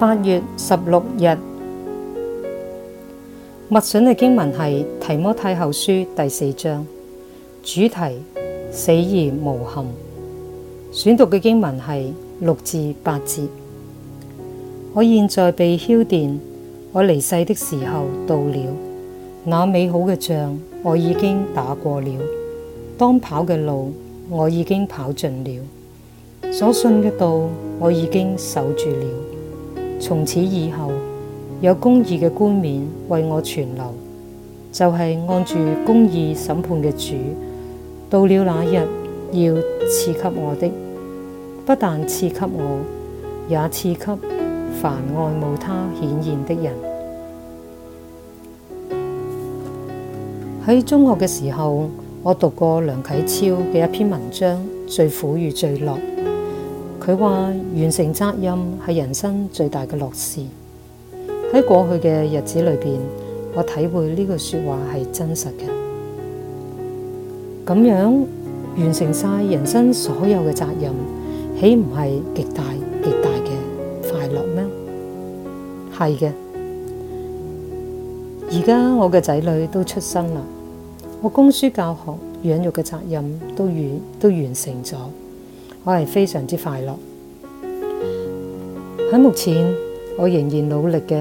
八月十六日默想嘅經文係《提摩太後書》第四章，主題死而無憾。選讀嘅經文係六至八節。我現在被澆奠，我離世的時候到了。那美好嘅仗我已經打過了，當跑嘅路我已經跑盡了，所信嘅道我已經守住了。從此以後，有公義嘅冠冕為我存留，就係按住公義審判嘅主。到了那日，要賜給我的，不但賜給我，也賜給凡愛慕他顯現的人。喺中學嘅時候，我讀過梁啟超嘅一篇文章《最苦與最樂》。佢話完成責任係人生最大嘅樂事。喺過去嘅日子裏邊，我體會呢句說話係真實嘅。咁樣完成晒人生所有嘅責任，豈唔係極大極大嘅快樂咩？係嘅。而家我嘅仔女都出生啦，我供書教學、養育嘅責任都完都完成咗。我係非常之快樂。喺目前，我仍然努力嘅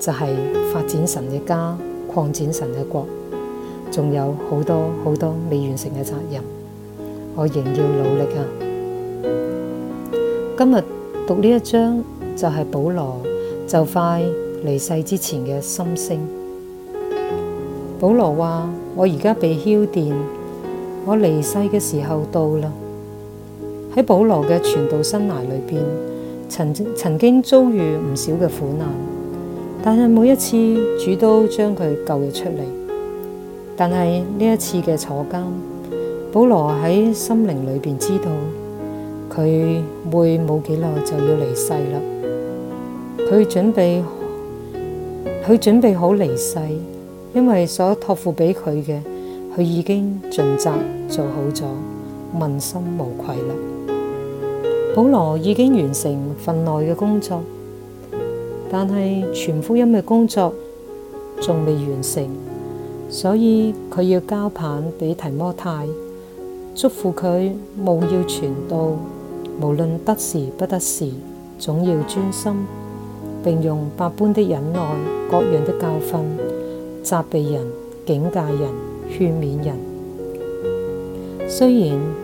就係發展神嘅家，擴展神嘅國，仲有好多好多未完成嘅責任，我仍要努力啊！今日讀呢一章就係保羅就快離世之前嘅心聲。保羅話：我而家被澆奠，我離世嘅時候到啦。喺保羅嘅全部生涯裏邊，曾曾經遭遇唔少嘅苦難，但係每一次主都將佢救咗出嚟。但係呢一次嘅坐監，保羅喺心靈裏邊知道佢會冇幾耐就要離世啦。佢準備，佢準備好離世，因為所託付俾佢嘅，佢已經盡責做好咗，問心無愧啦。保羅已經完成份內嘅工作，但係傳福音嘅工作仲未完成，所以佢要交棒俾提摩太，囑咐佢務要傳道，無論得時不得時，總要專心，並用百般的忍耐、各樣嘅教訓，責備人、警戒人、勸勉人。雖然。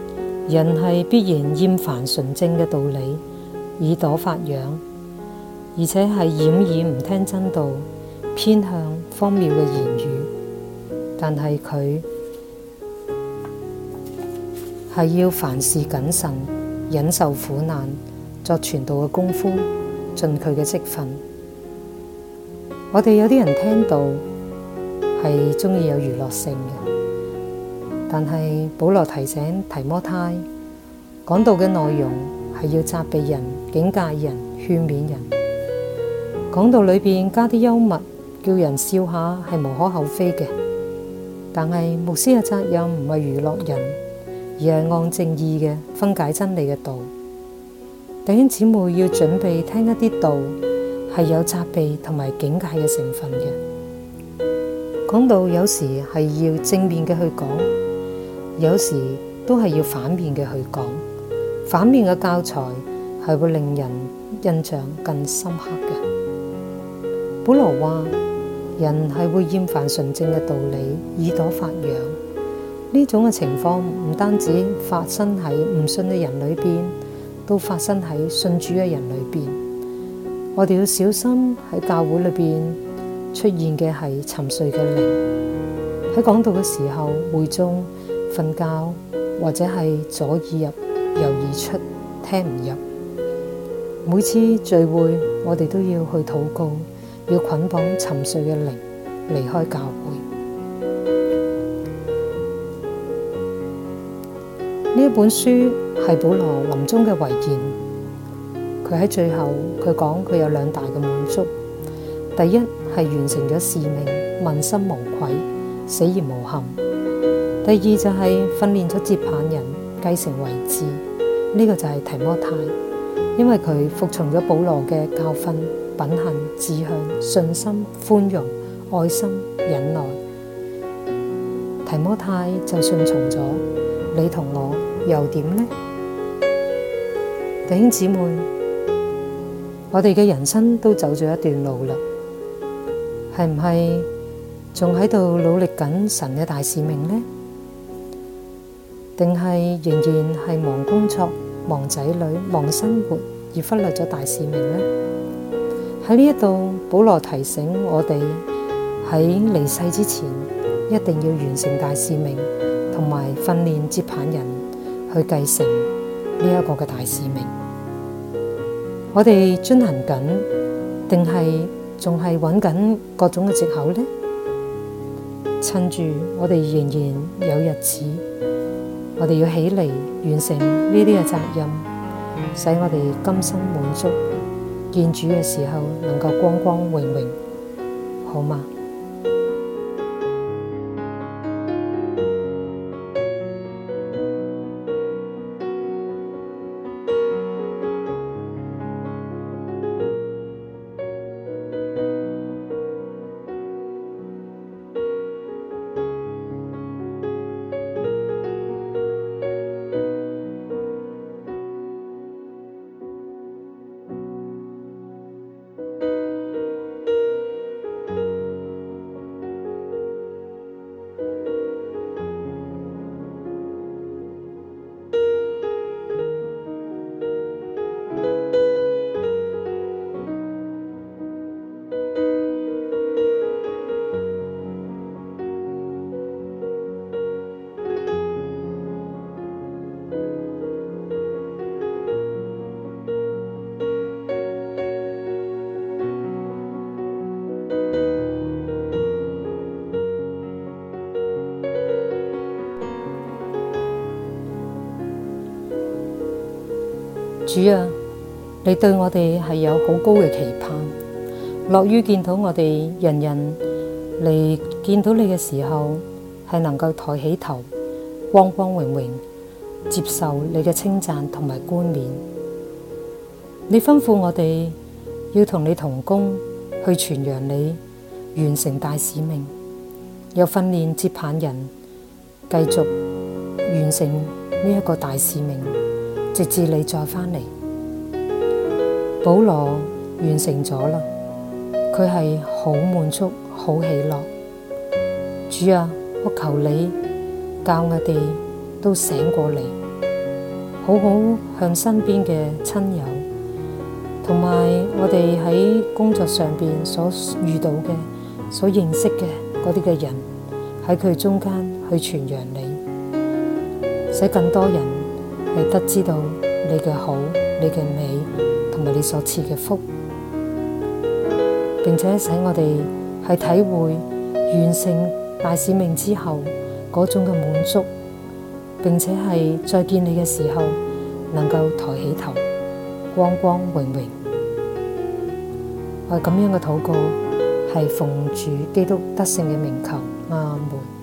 人係必然厭煩純正嘅道理，耳朵發癢，而且係掩耳唔聽真道，偏向荒謬嘅言語。但係佢係要凡事謹慎，忍受苦難，作傳道嘅功夫，盡佢嘅職分。我哋有啲人聽道，係鍾意有娛樂性嘅。但係保羅提醒提摩太，講道嘅內容係要責備人、警戒人、勸勉人。講道裏邊加啲幽默，叫人笑下係無可厚非嘅。但係牧師嘅責任唔係娛樂人，而係按正義嘅分解真理嘅道。弟兄姊妹要準備聽一啲道係有責備同埋警戒嘅成分嘅。講道有時係要正面嘅去講。有時都係要反面嘅去講，反面嘅教材係會令人印象更深刻嘅。保羅話：人係會厭煩純正嘅道理，耳朵發癢，呢種嘅情況唔單止發生喺唔信嘅人裏邊，都發生喺信主嘅人裏邊。我哋要小心喺教會裏邊出現嘅係沉睡嘅靈。喺講道嘅時候，會中。瞓覺或者係左耳入右耳出，聽唔入。每次聚會我哋都要去禱告，要捆綁沉睡嘅靈，離開教會。呢一本書係保羅臨終嘅遺言，佢喺最後，佢講佢有兩大嘅滿足，第一係完成咗使命，問心無愧，死而無憾。第二就係訓練咗接棒人，繼承遺志，呢個就係提摩太，因為佢服從咗保羅嘅教訓、品行、志向、信心、寬容、愛心、忍耐。提摩太就順從咗，你同我又點呢？弟兄姊妹，我哋嘅人生都走咗一段路啦，係唔係？仲喺度努力緊神嘅大使命呢？定係仍然係忙工作、忙仔女、忙生活，而忽略咗大使命呢？喺呢一度，保羅提醒我哋喺離世之前，一定要完成大使命，同埋訓練接棒人去繼承呢一個嘅大使命。我哋遵行緊，定係仲係揾緊各種嘅借口呢？趁住我哋仍然有日子。我哋要起嚟完成呢啲嘅責任，使我哋今生滿足，見主嘅時候能夠光光榮榮，好嗎？主啊，你對我哋係有好高嘅期盼，樂於見到我哋人人嚟見到你嘅時候，係能夠抬起頭，光光榮榮，接受你嘅稱讚同埋冠冕。你吩咐我哋要同你同工去傳揚你，完成大使命，又訓練接棒人，繼續完成呢一個大使命。直至你再返嚟，保羅完成咗啦，佢係好滿足、好喜樂。主啊，我求你教我哋都醒過嚟，好好向身邊嘅親友，同埋我哋喺工作上邊所遇到嘅、所認識嘅嗰啲嘅人，喺佢中間去傳揚你，使更多人。係得知道你嘅好，你嘅美，同埋你所賜嘅福，並且使我哋去體會完成大使命之後嗰種嘅滿足，並且係再見你嘅時候，能夠抬起頭，光光榮榮。我咁樣嘅禱告係奉主基督得勝嘅名求，阿門。